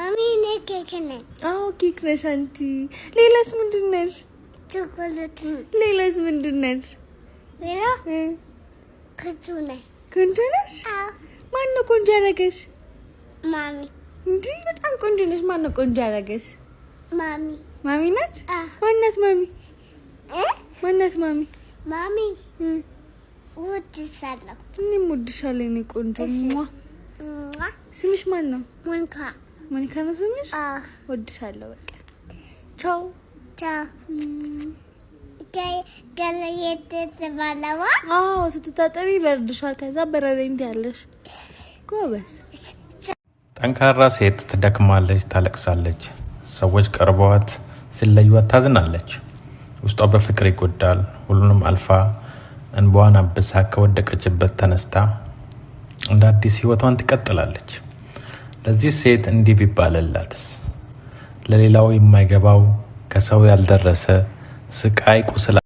አዎ ኬክ ነሽ አንቺ። ሌላስ ምንድን ነሽ? ሌላስ ምንድን ነሽ? ሌላ ክንቱ ነሽ። ክንቱ ነሽ? ማነው ቆንጆ ያደረገሽ? ማሚ። እንዲ በጣም ቆንጆ ነሽ። ማነው ቆንጆ ያደረገሽ? ማሚ። ማሚ ናት? ማናት ማሚ? ማናት ማሚ? ማሚ ውድሻለሁ። እኔም ውድሻለሁ። እኔ ቆንጆ ስምሽ ማን ነው? ሞኒካ ሞኒካ ነው ስምሽ? ወድሻለሁ። በቃ ቻው ቻው። ተባለዋ። አዎ ስትታጠቢ ይበርድሻል። ከዛ በረደኝ ትያለሽ። ጎበስ ጠንካራ ሴት ትደክማለች፣ ታለቅሳለች። ሰዎች ቀርበዋት ሲለዩዋት ታዝናለች። ውስጧ በፍቅር ይጎዳል። ሁሉንም አልፋ እንባዋን አብሳ ከወደቀችበት ተነስታ እንደ አዲስ ህይወቷን ትቀጥላለች። ለዚህ ሴት እንዲህ ቢባልላትስ? ለሌላው የማይገባው ከሰው ያልደረሰ ስቃይ ቁስላ